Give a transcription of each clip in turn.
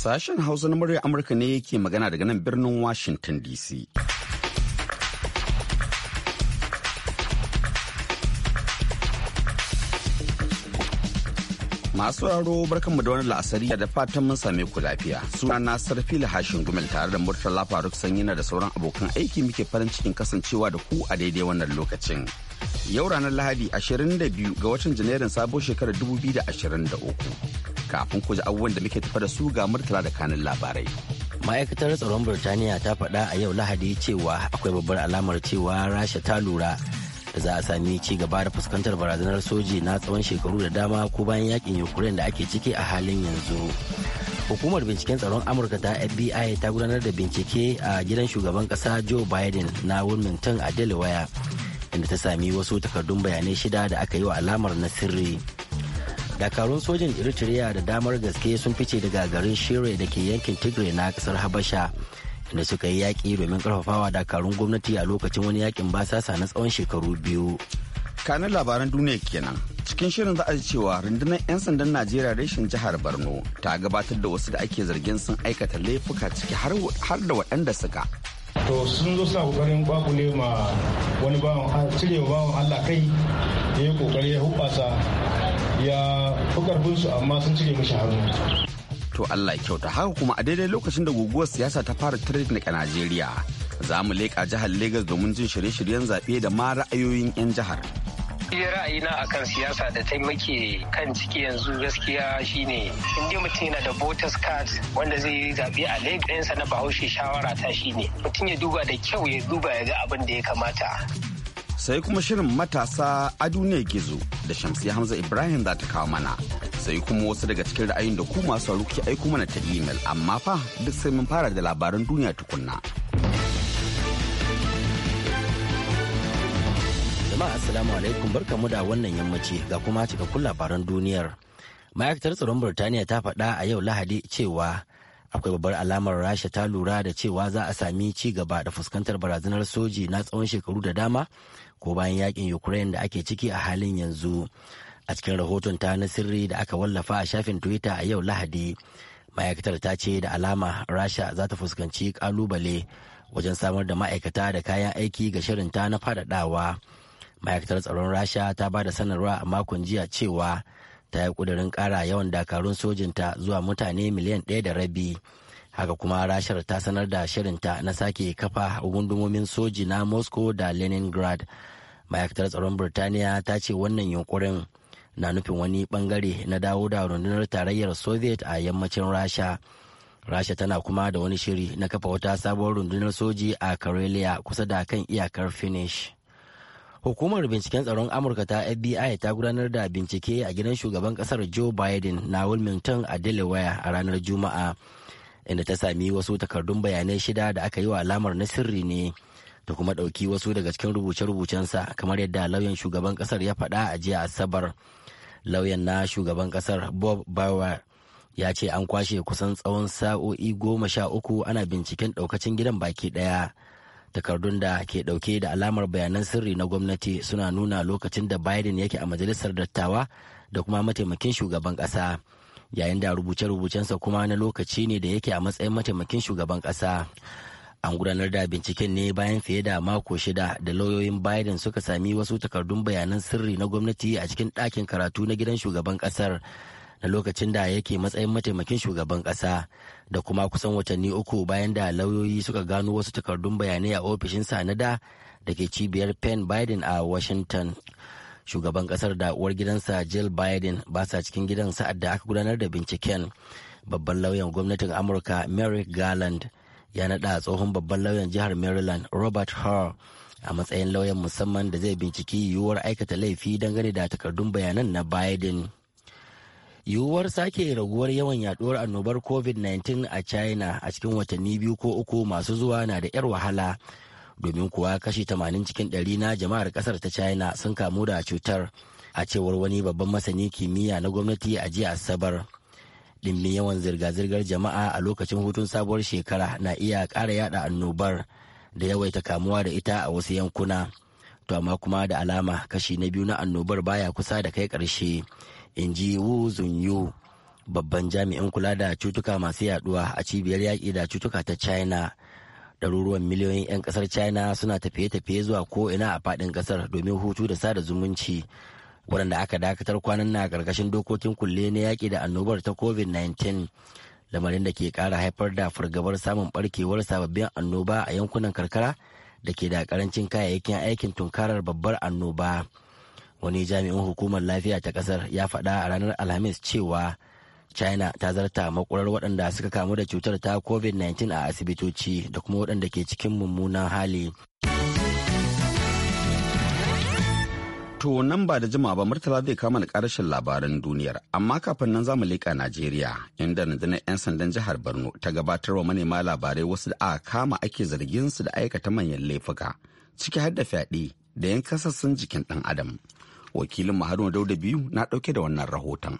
Sashen Hausa na muryar Amurka ne yake magana daga nan birnin Washington DC. Masu raro barkanmu da wani la'asari da fatan mun same ku lafiya. Suna na sarfi hashin gumel tare da Murtala Faruk Sanyina da sauran abokan aiki muke farin cikin kasancewa da ku a daidai wannan lokacin. Yau ranar Lahadi 22 ga watan Janairun sabon shekarar 2023. kafin ku ji abubuwan da muke tafa da su ga murtala da kanin labarai. Ma'aikatar tsaron Birtaniya ta faɗa a yau Lahadi cewa akwai babbar alamar cewa Rasha ta lura da za a sami ci gaba da fuskantar barazanar soji na tsawon shekaru da dama ko bayan yakin Ukraine da ake ciki a halin yanzu. hukumar binciken tsaron amurka ta fbi ta gudanar da bincike a gidan shugaban kasa joe biden na wilmington a delaware inda ta sami wasu takardun bayanai shida da aka yi wa alamar na sirri dakarun sojin eritrea da damar gaske sun fice daga garin shire da ke yankin tigray na kasar habasha inda suka yi yaƙi domin ƙarfafawa dakarun gwamnati a lokacin wani yakin basasa na tsawon shekaru biyu kanin labaran duniya kenan cikin shirin za a ji cewa rundunar 'yan sandan najeriya reshen jihar borno ta gabatar da wasu da ake zargin sun aikata laifuka ciki har da waɗanda suka to sun zo sa kokarin kwakule ma wani bawan cirewa bawan allah kai ya yi kokari ya hubasa ya fi karfin su amma sun cire mishi hannu to Allah kyauta haka kuma a daidai lokacin da guguwar siyasa ta fara tirnik a Najeriya za mu leƙa jihar Legas domin jin shirye-shiryen zaɓe da ma ra'ayoyin 'yan jihar. iya ra'ayina a kan siyasa da ta taimake kan ciki yanzu gaskiya shine inda mutum yana da voters card wanda zai yi zaɓe a sa na bahaushe shawara ta shine mutum ya duba da kyau ya duba ya ga abin da ya kamata sai kuma shirin matasa a duniya ke zo da shamsi hamza ibrahim za ta kawo mana sai kuma wasu daga cikin ra'ayin da ku masu ke aiko mana ta imel amma fa duk sai mun fara da labaran duniya tukunna jama'a assalamu alaikum barkamu da wannan yammaci ga kuma cikakkun labaran duniyar ma'aikatar tsaron burtaniya ta faɗa a yau lahadi cewa akwai babbar alamar rasha ta lura da cewa za a sami ci gaba da fuskantar barazanar soji na tsawon shekaru da dama ko bayan yakin ukraine da ake ciki a halin yanzu a cikin rahoton ta na sirri da aka wallafa a shafin twitter a yau lahadi ma'aikatar ta ce da alama rasha za ta fuskanci kalubale wajen samar da ma'aikata da kayan aiki ga shirin ta na faɗaɗawa ma'aikatar tsaron rasha ta ba da sanarwa a makon jiya cewa ta yi ƙudurin ƙara yawan dakarun sojinta zuwa mutane miliyan ɗaya da rabi haka kuma rashar ta sanar da shirinta na sake kafa gundumomin soji na moscow da leningrad ma'aikatar tsaron birtaniya ta ce wannan yunkurin na nufin wani bangare na dawo da rundunar tarayyar soviet a yammacin rasha rasha tana kuma da wani shiri na kafa wata sabuwar rundunar soji a karelia kusa da kan iyakar finnish hukumar binciken tsaron amurka ta fbi ta gudanar da bincike a gidan shugaban kasar joe biden na wilmington a delaware a ranar juma'a inda ta sami wasu takardun bayanai shida da aka yi wa alamar na sirri ne ta kuma ɗauki wasu daga cikin rubuce-rubucensa kamar yadda lauyan shugaban ƙasar ya faɗa a jiya asabar lauyan na shugaban ƙasar bob bawa ya ce an kwashe kusan tsawon sa'o'i goma sha uku ana binciken ɗaukacin gidan baki ɗaya takardun da ke ɗauke da alamar bayanan sirri na gwamnati suna nuna lokacin da biden yake a majalisar dattawa da kuma mataimakin shugaban ƙasa. yayin da rubuce-rubucensa kuma na lokaci ne da yake a matsayin mataimakin shugaban ƙasa. An gudanar da binciken ne bayan fiye da mako shida da lauyoyin Biden suka sami wasu takardun bayanan sirri na gwamnati a cikin ɗakin karatu na gidan shugaban ƙasar na lokacin da yake matsayin mataimakin shugaban ƙasa da kuma kusan watanni uku bayan da lauyoyi suka gano wasu takardun bayanai a ofishinsa na da da ke cibiyar Penn Biden a Washington. shugaban kasar da uwar gidansa jill biden ba sa cikin gidan sa'ad da aka gudanar da binciken babban lauyan gwamnatin amurka merrick garland ya naɗa tsohon babban lauyan jihar maryland robert hall a matsayin lauyan musamman da zai binciki yiwuwar aikata laifi dangane da takardun bayanan na biden yiwuwar sake raguwar yawan yaduwar annobar covid-19 a china a cikin watanni biyu ko uku masu zuwa na da 'yar wahala domin kuwa kashi 80 cikin ɗari na jama'ar kasar ta china sun kamu da cutar a cewar wani babban masani kimiyya na gwamnati a jiya asabar dimbin yawan zirga-zirgar jama'a a lokacin hutun sabuwar shekara na iya ƙara yada annobar da yawaita kamuwa da ita a wasu yankuna to amma kuma da alama kashi na biyu na annobar baya kusa da kai ƙarshe in ji wu babban jami'in kula da cutuka masu yaduwa a cibiyar yaki da cutuka ta china ɗaruruwan miliyoyin 'yan ƙasar china suna tafiye-tafiye zuwa ko'ina a faɗin ƙasar domin hutu da sada zumunci waɗanda aka dakatar kwanan na ƙarƙashin dokokin kulle na yaƙi da annobar ta covid-19 lamarin da ke ƙara haifar da fargabar samun ɓarkewar sababbin annoba a yankunan karkara da ke da ƙarancin kayayyakin aikin tunkarar babbar annoba wani jami'in hukumar lafiya ta ƙasar ya faɗa a ranar alhamis cewa china ta zarta makurar waɗanda suka kamu da cutar ta covid-19 a asibitoci da kuma waɗanda ke cikin mummunan hali to nan ba da jima ba murtala zai kama da karashin labaran duniyar amma kafin nan zamu leƙa najeriya inda rundunar 'yan sandan jihar borno ta gabatar wa manema labarai wasu da aka kama ake zargin su da aikata manyan laifuka ciki har da fyaɗe da yan kasassun jikin ɗan adam wakilin haruna dauda biyu na ɗauke da wannan rahoton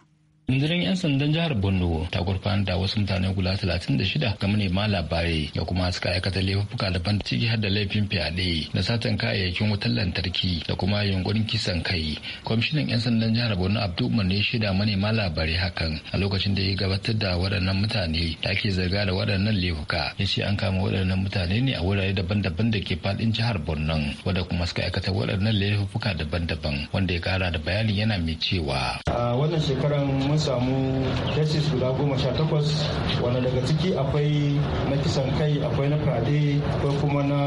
Rundunar 'yan sandan jihar Borno ta gurfana da wasu mutane guda 36 ga manema labarai da kuma suka aikata laifuka daban ciki har da laifin fyaɗe da satan kayayyakin wutar lantarki da kuma yunkurin kisan kai. Kwamishinan 'yan sandan jihar Borno Abdul Umar ne shida manema labarai hakan a lokacin da ya gabatar da waɗannan mutane da ake zarga da waɗannan laifuka. Ya ce an kama waɗannan mutane ne a wurare daban-daban da ke faɗin jihar Borno wanda kuma suka aikata waɗannan laifuka daban-daban wanda ya kara da bayani yana mai cewa. wannan shekarar samu cases guda goma sha takwas wanda daga ciki akwai na kisan kai akwai na fade akwai kuma na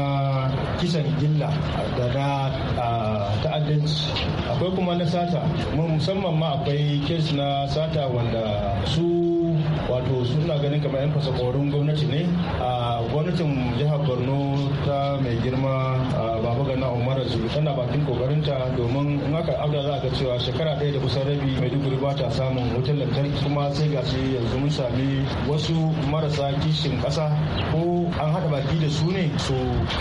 kisan gilla da na ta'addanci akwai kuma na sata musamman ma akwai kes na sata wanda su wato suna ganin kamar 'yan fasakorin gwamnati ne a gwamnatin jihar borno ta mai girma baba gana umar zulu tana bakin kokarinta domin in aka abda za a ga cewa shekara ɗaya da kusan rabi maiduguri ba ta samun wutar lantarki kuma sai ga shi yanzu mun sami wasu marasa kishin ƙasa ko an haɗa baki da su ne su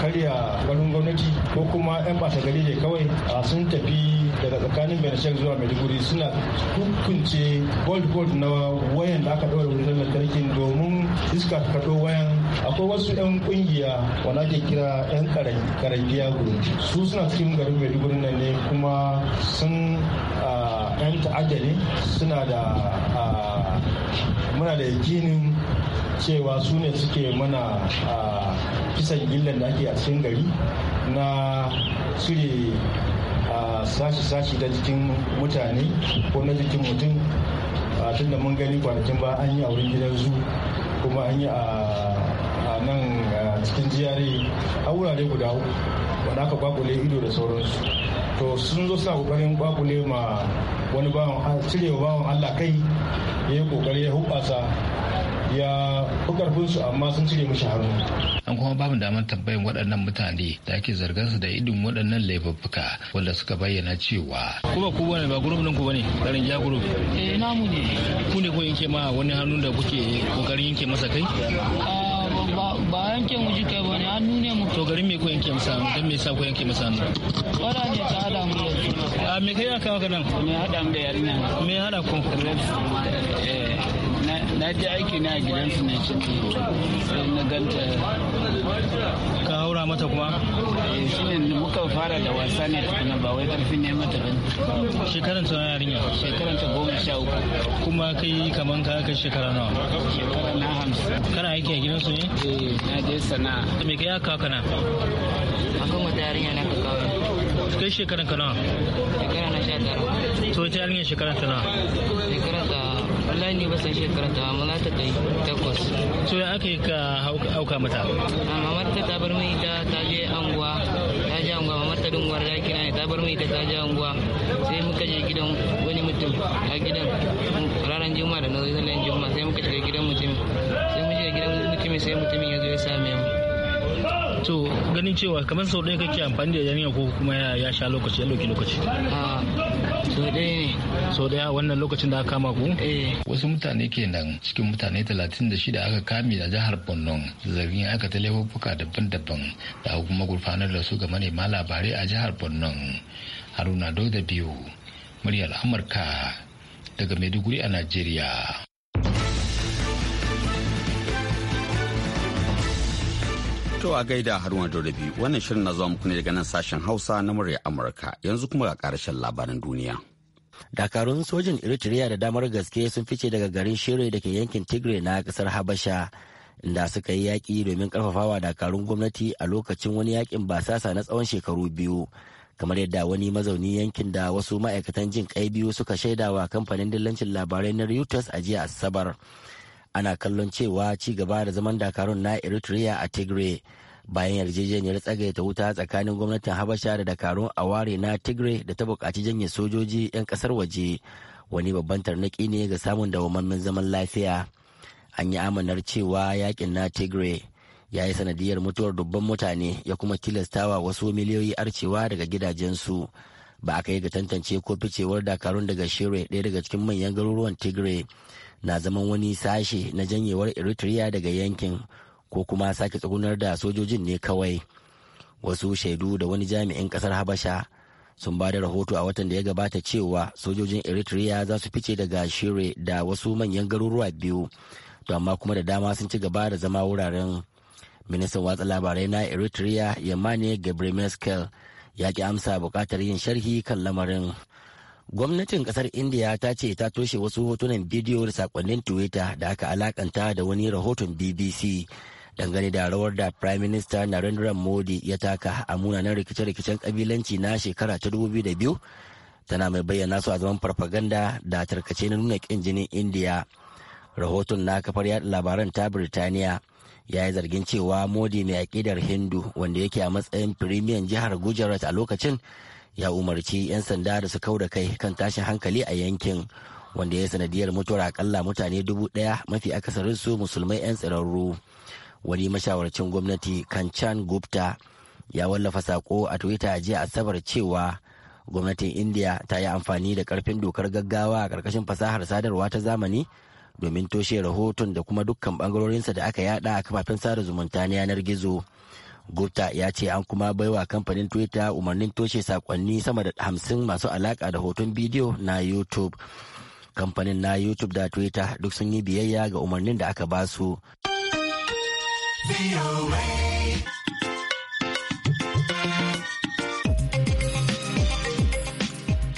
karya garin gwamnati ko kuma 'yan ɓata gari ne kawai sun tafi daga tsakanin benin zuwa Maiduguri suna hukunce gold gold na wayan da aka daura wutar lantarkin domin iska ta kaɗo wayan akwai wasu 'yan kungiya wanda ake kira 'yan karangiya gudu su suna cikin garin Maiduguri nan ne kuma sun 'yan ta'adda ne suna da muna da yakinin cewa su ne suke mana kisan gillan da ake a cikin gari na shirye sashi-sashi da jikin mutane ko na jikin mutum tun da mun gani kwanakin ba an yi a wurin gidan zu kuma an yi a nan cikin jiyare a wurare guda uku wanda aka bakule ido da sauransu to sun zo sa kokarin bakule ma wani bawan cirewa bawan allah kai ya yi kokari ya hubasa ya fi karfin su amma sun cire mishi hannu an kuma babu damar tambayin waɗannan mutane da ake zargar su da idin waɗannan laifuffuka wanda suka bayyana cewa kuma ku bane ba gurum ku bane garin ja gurum eh namu ne ku ne ko yanke ma wani hannun da kuke kokarin yanke masa kai ah, ba yanke mu jika ba ne hannu ne mu to garin me ko yanke masa hannu dan me yasa ko yanke masa hannu wala ne ta hada mu a me kai aka maka nan me hada mu da yarinya me hada ku eh, na je aiki ne a gidansu ne cin eh, na ganta ka haura mata kuma eh, shi ne muka fara da wasa ne tukuna ba wai karfi ne mata ba shekaran ta yarinya shekaran ta goma sha uku kuma kai kaman ka kai shekara nawa shekara na hamsin kana aiki a gidansu ne eh na je sana'a me kai aka kana akan wata yarinya na ka kawai kai shekaran ka nawa shekara na sha tara to ita yarinya shekaran ta nawa shekaran ta wallahi ni ba san shekara ta amma za ta dai takwas so ya aka yi ka hauka mata ah, amma ta ta bar mai ta ta je anguwa ta je anguwa mamar ta dunguwar ya kira ne ta bar mai ta ta je anguwa sai muka je gidan wani mutum a gidan ranar juma'a da na zo sallan juma'a sai muka shiga gidan mutum sai mu shiga gidan mutum sai mutumin ya zo ya same mu to ganin cewa kamar sau ɗaya kake amfani da yanayi ko kuma ya sha lokaci ya ɗauki lokaci ah, so ɗaya ne wannan lokacin da aka kama ku eh. wasu mutane kenan cikin mutane 36 aka kame a jihar Borno zargin aka ta laifuka daban-daban da kuma gurfanar da su ga manema labarai a jihar Borno Haruna Dauda biyu muryar Amurka daga Maiduguri a Najeriya To a gaida Haruna Dorabi wannan shirin na zuwa muku ne daga nan sashen Hausa na murya Amurka yanzu kuma ga karashen labaran duniya. Dakarun sojin Eritrea da damar gaske sun fice daga garin Shire da ke yankin Tigray na kasar Habasha inda suka yi yaƙi domin ƙarfafawa dakarun gwamnati a lokacin wani yaƙin basasa na tsawon shekaru biyu. kamar yadda wani mazauni yankin da wasu ma'aikatan jin kai biyu suka shaidawa kamfanin dillancin labarai na Reuters a jiya Asabar. ana kallon cewa ci gaba da zaman dakarun na eritrea a tigray bayan yarjejeniyar tsagaita wuta tsakanin gwamnatin habasha da dakarun a ware na tigray da ta buƙaci janye sojoji 'yan ƙasar waje wani babban tarnaki ne ga samun dawamammen zaman lafiya an yi amanar cewa yakin na tigray ya yi sanadiyar mutuwar dubban mutane ya kuma tilastawa wasu miliyoyi arcewa daga gidajensu ba a kai ga tantance ko ficewar dakarun daga shire ɗaya daga cikin manyan garuruwan tigray na zaman wani sashe na janyewar eritrea daga yankin ko kuma sake tsugunar da sojojin ne kawai wasu shaidu da wani jami'in kasar habasha sun ba da rahoto a watan da ya gabata cewa sojojin eritrea za su fice daga shire da wasu manyan garuruwa biyu to amma kuma da dama sun ci gaba da zama wuraren ministan watsa labarai na eritrea yamane gabriel meskel ya ki amsa bukatar yin sharhi kan lamarin gwamnatin kasar india ta ce ta toshe wasu hotunan bidiyo da sakonnin twitter da aka alakanta da wani rahoton bbc dangane da rawar da prime minister narendra modi ya taka a munanan rikice-rikicen kabilanci na shekara ta 2002 tana mai bayyana su a zaman farfaganda da tarkace na nuna kin jinin india rahoton na kafar yada labaran ta birtaniya ya yi zargin cewa modi mai akidar hindu wanda yake a matsayin firimiyan jihar gujarat a lokacin ya umarci 'yan sanda da su kau da kai kan tashin hankali a yankin wanda ya sanadiyar mutuwar akalla mutane dubu daya mafi akasarin su musulmai 'yan tsirarru wani mashawarcin gwamnati kanchan gupta ya wallafa sako a twitter a jiya asabar cewa gwamnatin india ta yi amfani da karfin dokar gaggawa a karkashin fasahar sadarwa ta zamani domin toshe rahoton da kuma dukkan bangarorinsa da aka yada a kafafen sada zumunta na yanar gizo Gupta ya ce an kuma baiwa kamfanin Twitter umarnin toshe sakonni sama da hamsin masu alaka da hoton bidiyo na YouTube. Kamfanin na YouTube da Twitter duk sun yi biyayya ga umarnin da aka basu.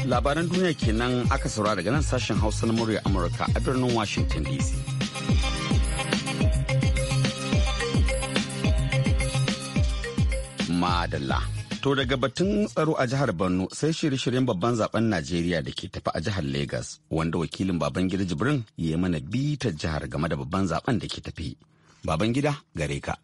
Labaran duniya kenan aka saura daga nan sashen Hausa na murya Amurka a birnin Washington DC. Madalla. To daga batun tsaro a jihar Borno sai shirye-shiryen babban zaben Najeriya da ke tafi a jihar Legas wanda wakilin Babangida Jibrin ya yi mana bitar jihar game da babban zaben da ke tafi. Babangida gare ka.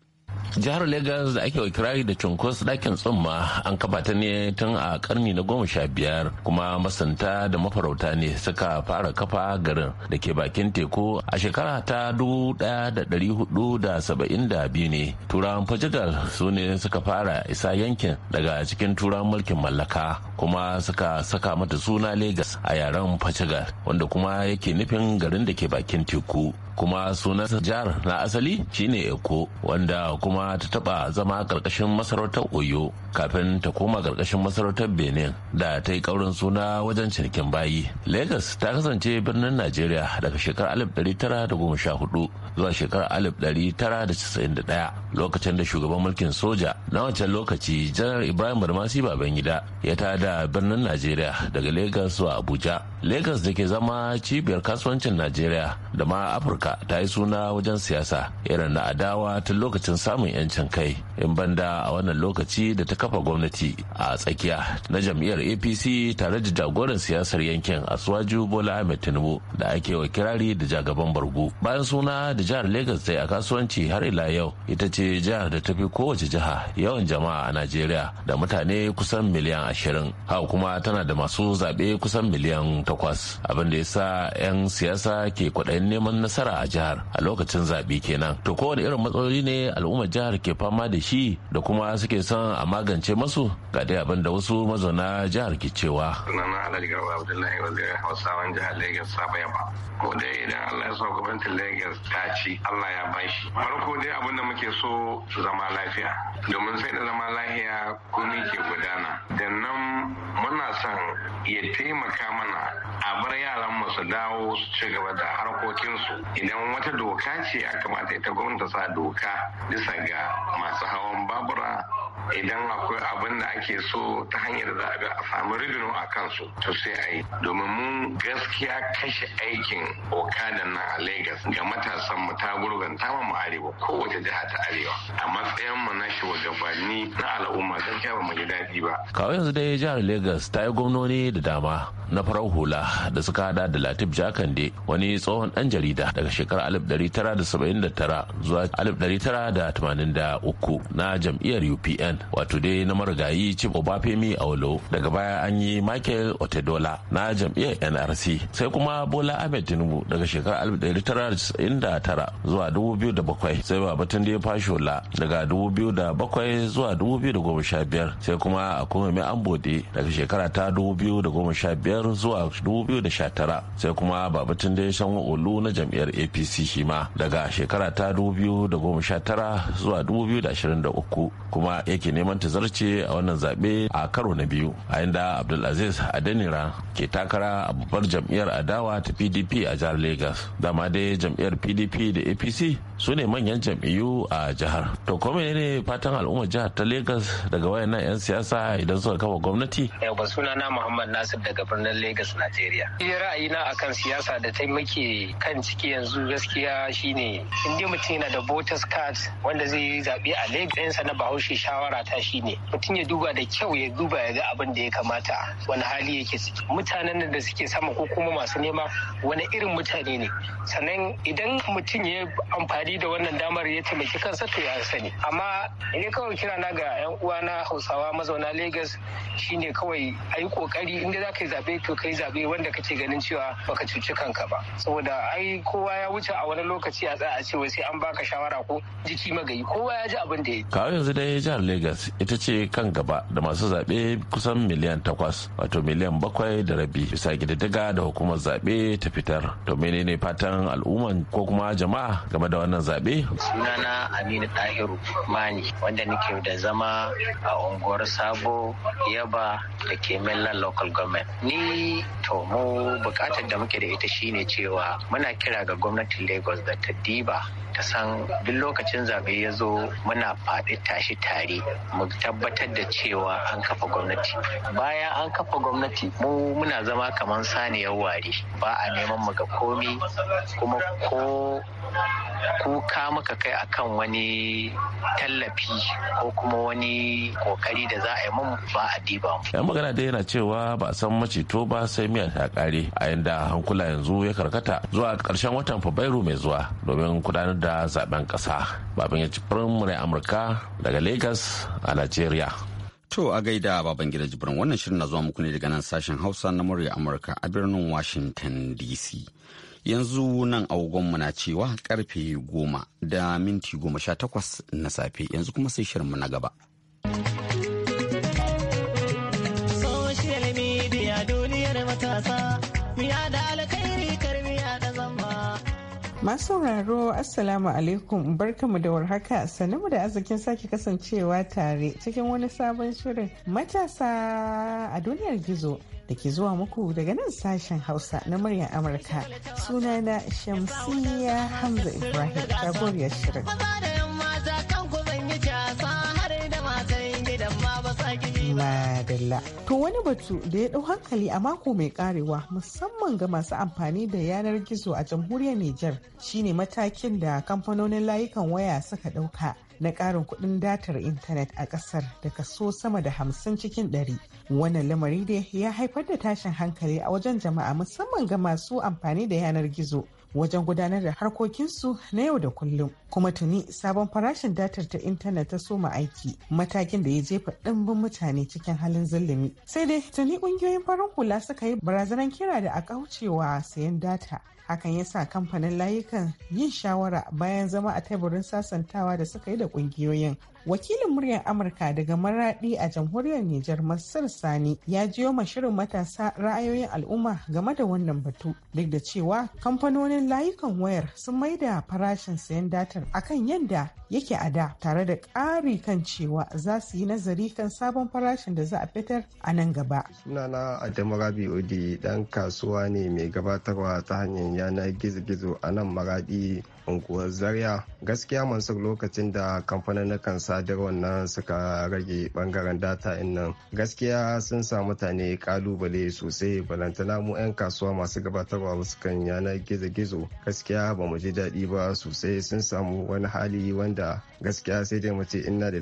jihar Legas da ake ikirari da cunkos dakin tsumma an kafa ta ne tun a karni na goma sha biyar kuma masanta da mafarauta ne suka fara kafa garin da ke bakin teku a shekara ta dubu daya da dari hudu da saba'in da biyu ne turawan portugal su ne suka fara isa yankin daga cikin turawan mulkin mallaka kuma suka saka mata suna legas a yaren portugal wanda kuma yake nufin garin da ke bakin teku kuma sunansa jihar na asali shine eko wanda kuma ta taba zama karkashin masarautar oyo kafin ta koma karkashin masarautar benin da ta yi kaurin suna wajen cinikin bayi lagos ta kasance birnin najeriya daga shekarar 1914 zuwa shekarar 1991 lokacin da shugaban mulkin soja na wancan lokaci janar ibrahim barmasi babangida ya ta da birnin najeriya daga lagos zuwa abuja lagos da ke zama cibiyar kasuwancin najeriya da ma afirka amurka ta yi suna wajen siyasa irin na adawa tun lokacin samun yancin kai in banda a wannan lokaci da ta kafa gwamnati a tsakiya na jam'iyyar apc tare da jagoran siyasar yankin suwaju bola ahmed tinubu da ake wa kirari da jagaban bargu bayan suna da jihar lagos ta a kasuwanci har ila yau ita ce jihar da ta fi kowace jiha yawan jama'a a najeriya da mutane kusan miliyan ashirin haka kuma tana da masu zaɓe kusan miliyan takwas abin da ya sa 'yan siyasa ke kwaɗayin neman nasara nasara a jihar a lokacin zaɓe kenan to kowane irin matsaloli ne al'ummar jihar ke fama da shi da kuma suke son a magance masu ga dai abin da wasu mazauna jihar ke cewa sunana alhaji garba abdullahi wanda hausawan jihar lagos saba yaba ko dai idan allah ya sa gwamnatin lagos ta ci allah ya bashi farko dai abin da muke so zama lafiya domin sai da zama lafiya komi ke gudana da nan muna son ya taimaka mana a bar yaran mu su dawo su ci gaba da harkokinsu idan wata doka ce a kamata ita gwamnati sa doka bisa ga masu hawan babura idan akwai abin da ake so ta hanyar da za a samu ribino a kansu to sai a yi domin mun gaskiya kashe aikin okada nan a lagos ga matasan mu ta ta mu arewa kowace jiha ta arewa a matsayin mu na shugabanni na al'umma gaskiya ba mu ji daɗi ba kawai yanzu dai jihar lagos ta yi gwamnoni da dama na farar hula da suka hada da latif jakande wani tsohon dan jarida daga shekarar 1979 zuwa 1983 na jam'iyyar upn Sudan wato dai na marigayi Chief Obafemi Awolo daga baya an yi Michael Otedola na jam'iyyar NRC sai kuma Bola Ahmed Tinubu daga shekarar 1999 zuwa 2007 sai Babatunde Fashola daga 2007 zuwa 2015 sai kuma Akumeme Ambode daga shekara ta 2015 zuwa 2019 sai kuma Babatunde Sanwo Olu na jam'iyyar APC shima daga shekara ta 2019 zuwa 2023 kuma yake neman ta zarce a wannan zaɓe a karo na biyu a inda abdulaziz adenira ke takara a babbar jam'iyyar adawa ta pdp a jihar lagos dama dai jam'iyyar pdp da apc su ne manyan jam'iyyu a jihar to kome ne fatan al'ummar jihar ta lagos daga wayannan 'yan siyasa idan suka kafa gwamnati yauwa sunana muhammad nasir daga birnin lagos nigeria ni ra'ayina akan siyasa da ta kan ciki yanzu gaskiya shine in mutum yana da voters card wanda zai yi zaɓe a lagos na bahaushe shawa shawara ta ne mutum ya duba da kyau ya duba ya ga abin da ya kamata wani hali yake ciki mutanen da suke sama ko kuma masu nema wani irin mutane ne sannan idan mutum ya amfani da wannan damar ya taimaki kansa to ya sani amma ne kawai kira na ga yan uwa na hausawa mazauna lagos shine kawai a yi kokari inda za ka yi zabe to ka yi zabe wanda kake ganin cewa baka cuci kanka ba saboda ai kowa ya wuce a wani lokaci a tsaya a ce wai sai an baka shawara ko jiki magayi kowa ya ji abin da ya ji lagos ita ce kan gaba da masu zaɓe kusan miliyan takwas wato miliyan bakwai da rabi bisa ƙididdiga da hukumar zaɓe ta fitar to menene fatan al'umman ko kuma jama'a game da wannan zaɓe sunana aminu tahiru mani wanda nake da zama a unguwar sabo yaba da ke mainland local government ni to mu bukatar da muke da ita shine cewa muna kira ga gwamnatin lagos da ta diba ta san duk lokacin zaɓe ya zo muna faɗi tashi tare mu tabbatar da cewa an kafa gwamnati bayan an kafa gwamnati mu muna zama kamar saniyar ware ba a neman mu ga komi kuma ko kuka muka kai akan wani tallafi ko kuma wani kokari da za a yi mun ba a diba mu. yan magana dai yana cewa ba a san maceto ba sai miya ta kare a yanda hankula yanzu ya karkata zuwa karshen watan fabrairu mai zuwa domin gudanar da zaben kasa babin ya ci ne amurka daga lagos a Najeriya. To a gaida baban gida jibirin wannan shirin na zuwa muku ne daga nan sashen Hausa na murya Amurka a birnin Washington DC. Yanzu nan agogonmu na cewa karfe goma da minti goma sha takwas na safe yanzu kuma sai shirinmu na gaba. Social media duniyar matasa, miya da Masu sauraro Assalamu alaikum barkamu da warhaka sanamu da arzikin sake kasancewa tare cikin wani sabon shirin matasa a duniyar gizo da ke zuwa muku daga nan sashen Hausa na muryar Amurka sunana shamsiya Hamza Ibrahim jagoriyar shirin. dalla To wani batu da ya ɗau hankali a mako mai karewa musamman ga masu amfani da yanar gizo a jamhuriyar Nijar shine matakin da kamfanonin layukan waya suka ɗauka na ƙarin kuɗin datar intanet a ƙasar da kaso sama da hamsin cikin ɗari. Wannan lamari dai ya haifar da tashin hankali a wajen jama'a musamman ga masu amfani da yanar gizo wajen gudanar da harkokinsu na yau da kullum kuma tuni sabon farashin datar ta intanet ta soma aiki matakin da ya jefa ɗimbin mutane cikin halin zulumi sai dai tuni ƙungiyoyin farin hula suka yi barazanar kira da a kaucewa sayan data hakan ya sa kamfanin layukan yin shawara bayan zama a teburin sasantawa da suka yi da ƙungiyoyin wakilin muryar amurka daga maraɗi a jamhuriyar nijar masar sani ya jiyo shirin matasa ra'ayoyin al'umma game da wannan batu duk da cewa kamfanonin layukan wayar sun maida farashin sayan datar akan yadda yake a da tare da ƙari kan cewa za su yi nazari kan sabon farashin da za a fitar a nan gaba sunana adamu rabi odi dan kasuwa ne mai gabatarwa ta hanyar yanar gizo-gizo a nan maraɗi. unguwar zaria gaskiya mansur lokacin da kamfanin sadarwar nan suka rage bangaren data in nan gaskiya sun sa mutane kalubale sosai balantana mu 'yan kasuwa masu gabatarwa wasu kan yanar gizo-gizo gaskiya ba mu ji daɗi ba sosai sun samu wani hali wanda gaskiya sai dai mu ce inna da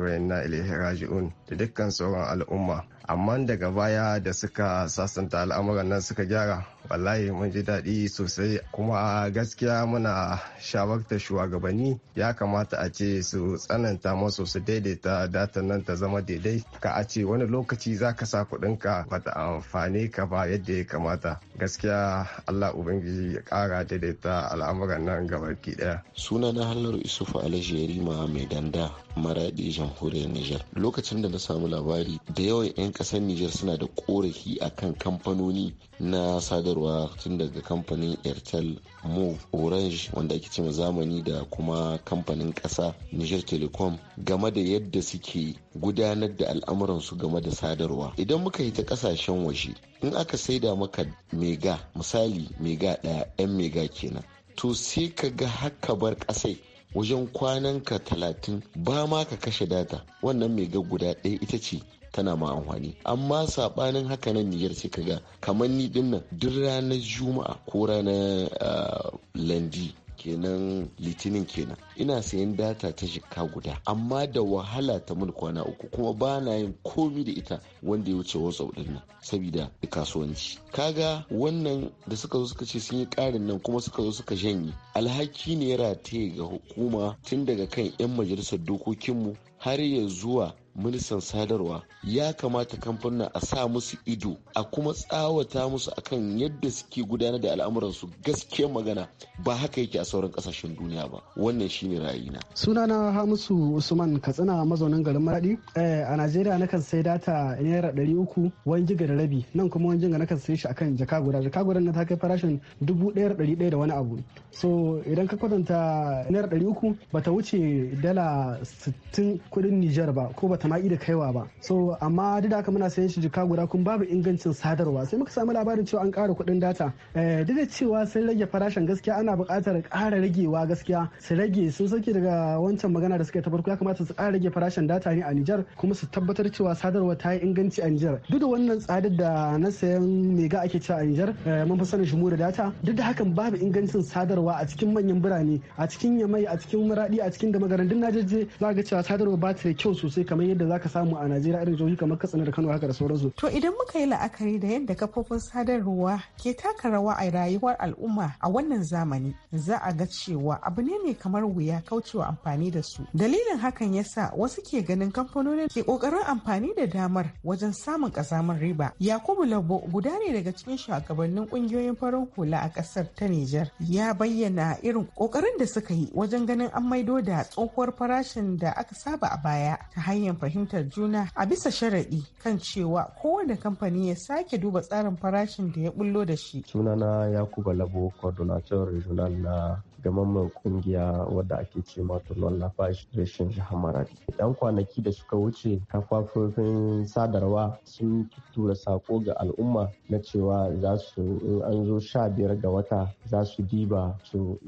wa inna ilaihi raji'un da dukkan sauran al'umma amma daga baya da suka sasanta al'amuran nan suka gyara wallahi mun ji daɗi sosai kuma gaskiya muna shawarta shugabanni ya kamata a ce su tsananta masu su daidaita datan nan ta zama daidai ka a ce wani lokaci za ka sa kuɗinka ba ta amfani ka ba yadda ya kamata gaskiya allah ubangiji ya ƙara daidaita al'amuran nan gabaki ɗaya suna na halar isufu alhaji ma mai danda maraɗi jamhuriyar niger lokacin da na samu labari da yawan 'yan kasar Nijar suna da ƙorafi kan kamfanoni na sadarwa tun daga kamfanin Airtel, Move, Orange wanda ake cewa zamani da kuma kamfanin kasa Nijar Telecom game da yadda suke gudanar da al'amuransu game da sadarwa. Idan muka yi ta kasashen waje, in aka saida maka mega misali mega ɗaya 'yan mega kenan. To sai ka ga haka bar kasai wajen kwanan ka talatin ba ma ka kashe data wannan mega guda ɗaya ita ce tana ma amfani amma sabanin haka nan niyyar ce kaga kamar ni dinnan duk ranar juma'a ko ranar ah, landi kenan litinin kenan ina sayan data ta shika guda amma da wahala ta mun kwana uku kuma ba na yin komi da ita wanda ya wuce wasu din nan saboda kasuwanci kaga wannan da suka zo suka ce sun yi karin nan kuma suka zo suka janye alhaki ne ya rataye ga hukuma tun daga kan 'yan majalisar dokokinmu har ya zuwa ministan sadarwa ya kamata kamfanin a sa musu ido a kuma tsawata musu akan yadda suke gudanar da al'amuransu gaskiyar magana ba haka yake a sauran kasashen duniya ba wannan shine ra'ayina sunana hamisu usman katsina mazaunin garin maradi eh, a najeriya nakan sai data naira ɗari uku wani giga da rabi nan kuma wani giga nakan sai shi akan jaka guda jaka guda na ta kai farashin dubu ɗaya ɗari ɗaya da wani abu so idan ka kwatanta naira ɗari uku bata wuce dala sittin kuɗin nijar ba ko bata ta da kaiwa ba so amma duk da haka muna sayan shi jika guda kuma babu ingancin sadarwa sai muka samu labarin cewa an ƙara kuɗin data eh, duk da cewa sun rage farashin gaskiya ana buƙatar ƙara ragewa gaskiya su rage sun sauke daga wancan magana da suka tabbatar ya kamata su ƙara rage farashin data ne a Nijar kuma su tabbatar cewa sadarwa ta yi inganci a Nijar duk da wannan tsadar da na sayan mega ake cewa a Nijar eh, mun fi sanin shi da data duk da hakan babu ingancin sadarwa a cikin manyan birane a cikin yamai a cikin muradi a cikin da magaran duk najeje za ga cewa sadarwa ba ta da kyau sosai kamar yadda za ka samu a najeriya irin jihohi kamar katsina da kano haka da sauransu to idan muka yi la'akari da yadda kafofin sadarwa ke taka rawa a rayuwar al'umma a wannan zamani za a ga cewa abu ne mai kamar wuya kaucewa amfani da su dalilin hakan yasa wasu ke ganin kamfanonin ke kokarin amfani da damar wajen samun ƙazamar riba yakubu labo guda ne daga cikin shugabannin kungiyoyin farin hula a kasar ta nijar ya bayyana irin kokarin da suka yi wajen ganin an maido da tsohuwar farashin da aka saba a baya ta hanyar fahimtar juna a bisa sharaɗi kan cewa kowane kamfani ya sake duba tsarin farashin da ya bullo da shi. Sunana Yakuba Labo, Coordinator Regional na gamamman kungiya wadda ake ce Turnon Lafash Reshen Jihar Marari. Yan kwanaki da suka wuce kafafofin sadarwa sun tura sako ga al'umma na cewa za su in an zo sha biyar ga wata za su diba su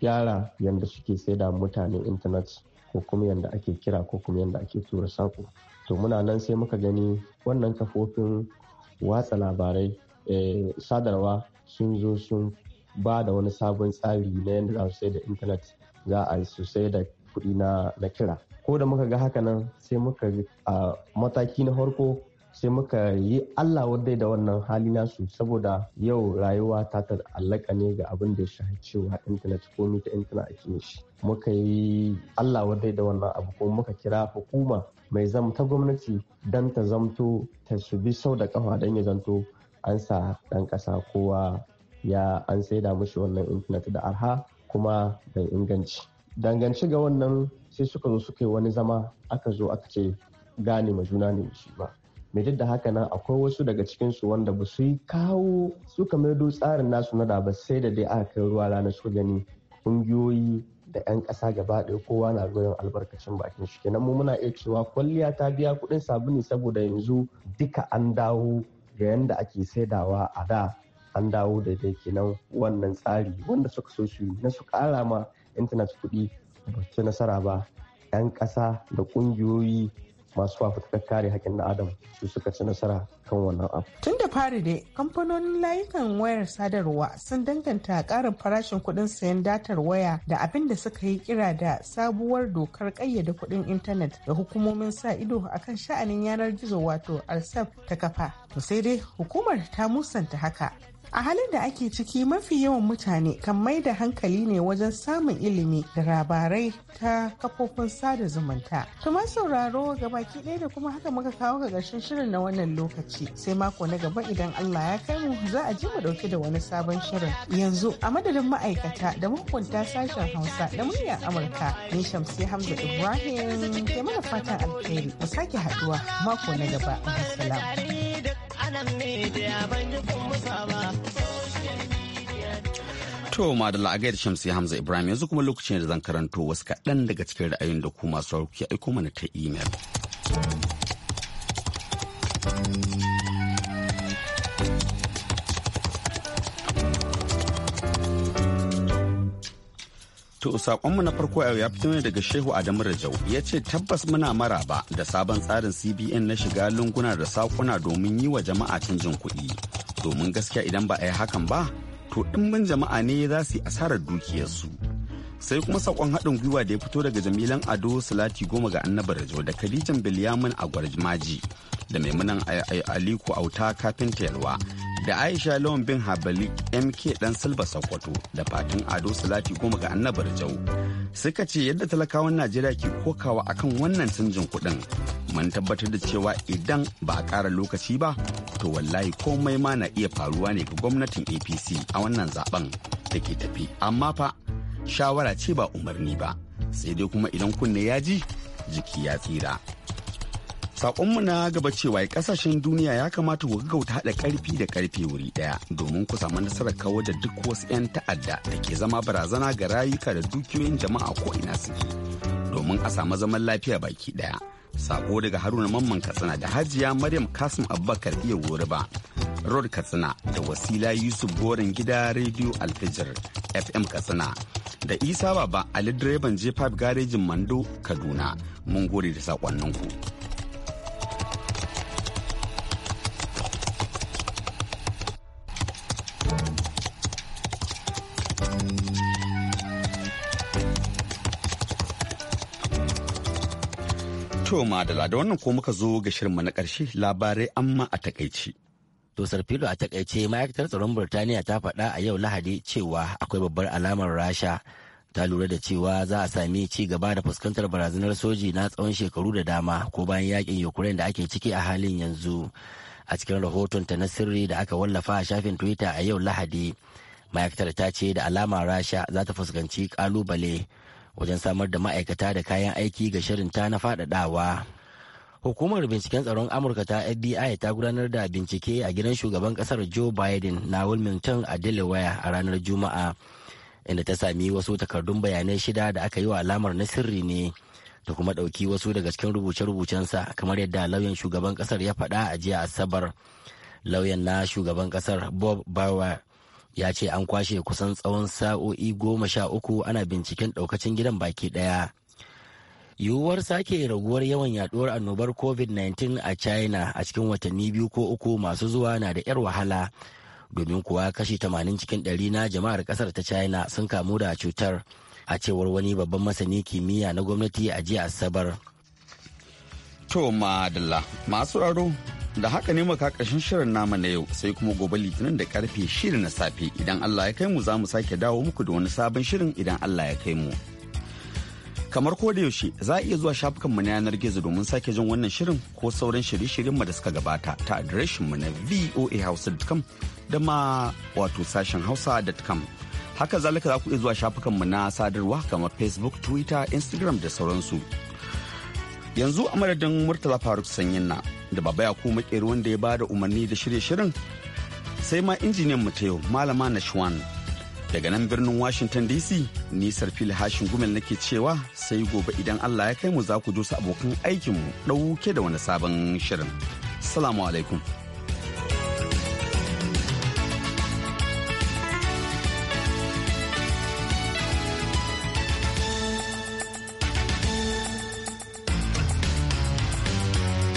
gyara yadda suke sai da mutane intanet ko kuma yadda ake kira ko kuma yadda ake tura sako to muna nan sai muka gani wannan kafofin watsa labarai eh, sadarwa sun zo sun ba da wani sabon tsari na yadda za su sai da intanet za a su sai da kuɗi na kira ko da muka ga haka nan sai muka a ah, mataki na farko sai muka yi Allah wadai da wannan hali nasu saboda yau rayuwa ta ta'allaka ne ga abin da ya shahi cewa intanet ko mita intanet ake cikin shi muka yi Allah wadai da wannan abu ko muka kira hukuma mai zamta gwamnati don ta zamto ta su bi sau da kafa don ya zanto an sa ɗan ƙasa kowa ya an sai da mushi wannan intanet da arha kuma da inganci Dangance ga wannan sai suka zo suka yi wani zama aka zo aka ce gane ma juna ne shi ba mai duk da haka nan akwai wasu daga cikin su wanda ba su yi kawo su kamar do tsarin nasu na da ba sai da dai aka kai ruwa ranar su gani ƙungiyoyi da 'yan ƙasa gaba ɗaya kowa na goyon albarkacin bakin shi kenan mu muna iya cewa kwalliya ta biya kuɗin sabuni saboda yanzu duka an dawo ga yanda ake saidawa a da an dawo da dai kenan wannan tsari wanda suka so su yi na su ƙara ma intanet kuɗi ba nasara ba 'yan ƙasa da ƙungiyoyi masu fafutukar kare haƙƙin na adam su suka ci nasara kan wannan abu. Tun da fari dai kamfanonin layukan wayar sadarwa sun danganta ƙarin farashin kuɗin sayan datar waya da abin da suka yi kira da sabuwar dokar ƙayyade kuɗin intanet da hukumomin sa ido akan sha'anin yanar gizo wato alsaf ta kafa. To sai dai hukumar ta musanta haka a halin da ake ciki mafi yawan mutane kan mai da hankali ne wajen samun ilimi da rabarai ta kafofin sada zumunta kuma sauraro ga baki ɗaya da kuma haka muka kawo ga ƙarshen shirin na wannan lokaci sai mako na gaba idan allah ya kai mu za a ji mu ɗauke da wani sabon shirin yanzu a madadin ma'aikata da mahukunta sashen hausa da muryar amurka ni shamsi hamza ibrahim ke mana fatan alheri mu sake haɗuwa mako na gaba ƙananan media ban ji ba. To Madalla a gaida Shamsi Hamza Ibrahim yanzu kuma lokacin da zan karanto wasu kaɗan daga cikin ra'ayoyin da ku masu aiko mana ta imel. To saƙonmu na farko yau ya fito ne daga Shehu Adamu Rajau ya ce tabbas muna maraba da sabon tsarin CBN na shiga lunguna da saƙuna domin yi wa jama'a canjin kuɗi. Domin gaskiya idan ba a yi hakan ba, to mun jama'a ne za su yi asarar dukiyarsu. Sai kuma saƙon haɗin gwiwa da ya fito daga Jamilan Ado Salati Goma ga Annabi Rajau da Khadijan Bilyamin a Gwarjimaji da Maimunan Aliko Auta Kafin Yalwa da aisha lawan bin habali mk dan silba Sokoto da fatin ado salati goma ga annabar jau suka ce yadda talakawan najeriya ke kokawa akan wannan canjin kuɗin mun tabbatar da cewa idan ba a ƙara lokaci ba to wallahi komai ma na iya faruwa ne ga gwamnatin apc a wannan zaben da ke tafi amma fa shawara ce ba umarni ba sai dai kuma idan kunne ya ji jiki ya tsira saƙonmu na gaba cewa ƙasashen duniya ya kamata ku gaggauta haɗa ƙarfi da ƙarfe wuri ɗaya domin ku samu nasarar kawo da duk wasu 'yan ta'adda da ke zama barazana ga rayuka da dukiyoyin jama'a ko ina suke domin a samu zaman lafiya baki ɗaya. Sako daga Haruna Mamman Katsina da Hajiya Maryam Kasim Abubakar iya wuri ba. Rod Katsina da Wasila Yusuf Goren gida Radio Alfijir FM Katsina. da isa baba ali direban j garejin mando kaduna mun gode da ku To madala da wannan ko muka zo ga shirinmu na ƙarshe labarai amma a takaici. To Sarfilo a takaice ma'aikatar tsaron Burtaniya ta faɗa a yau Lahadi cewa akwai babbar alamar Rasha ta lura da cewa za a sami ci gaba da fuskantar barazanar soji na tsawon shekaru da dama ko bayan yakin Ukraine da ake ciki a halin yanzu. A cikin rahoton ta na sirri da aka wallafa a shafin Twitter a yau Lahadi, ma'aikatar ta ce da alama Rasha za ta fuskanci ƙalubale. wajen samar da ma'aikata da kayan aiki ga shirin ta na faɗaɗawa. Hukumar binciken tsaron Amurka ta FBI ta gudanar da bincike a gidan shugaban kasar Joe Biden na Wilmington a Delaware a ranar Juma'a, inda ta sami wasu takardun bayanai shida da aka yi wa alamar na sirri ne. da kuma ɗauki wasu daga cikin rubuce-rubucensa kamar yadda lauyan shugaban ƙasar ya faɗa a jiya asabar lauyan na shugaban ƙasar bob Bauer ya ce an kwashe kusan tsawon sa'o'i goma sha uku ana binciken daukacin gidan baki daya yiwuwar sake raguwar yawan yaduwar annobar covid-19 a china a cikin watanni biyu ko uku masu zuwa na da 'yar wahala domin kuwa kashi 80 cikin 100 na jama'ar kasar ta china sun kamu da cutar a cewar wani babban masani kimiyya na gwamnati a jiya asabar. To madalla masu raro da haka ne maka shirin nama na yau sai kuma gobe litinin da karfe shirin na safe idan Allah ya kai mu za mu sake dawo muku da wani sabon shirin idan Allah ya kai mu. Kamar ko da yaushe za a iya zuwa shafukan mu na yanar gizo domin sake jin wannan shirin ko sauran shirye-shiryen mu da suka gabata ta adireshin mu na voahouse.com da ma wato sashen hausa.com. Haka zalika za ku iya zuwa shafukan mu na sadarwa kamar Facebook, Twitter, Instagram da sauransu. yanzu a madadin murtala faruk sanyin na da baba ya kuma makeri wanda ya bada umarni da shirye shirin sai ma injiniyan mu ta yau malama daga nan birnin washington dc nisar fili hashin gumel nake cewa sai gobe idan allah ya kai mu za ku dosa abokan aikinmu ɗauke da wani sabon shirin salamu alaikum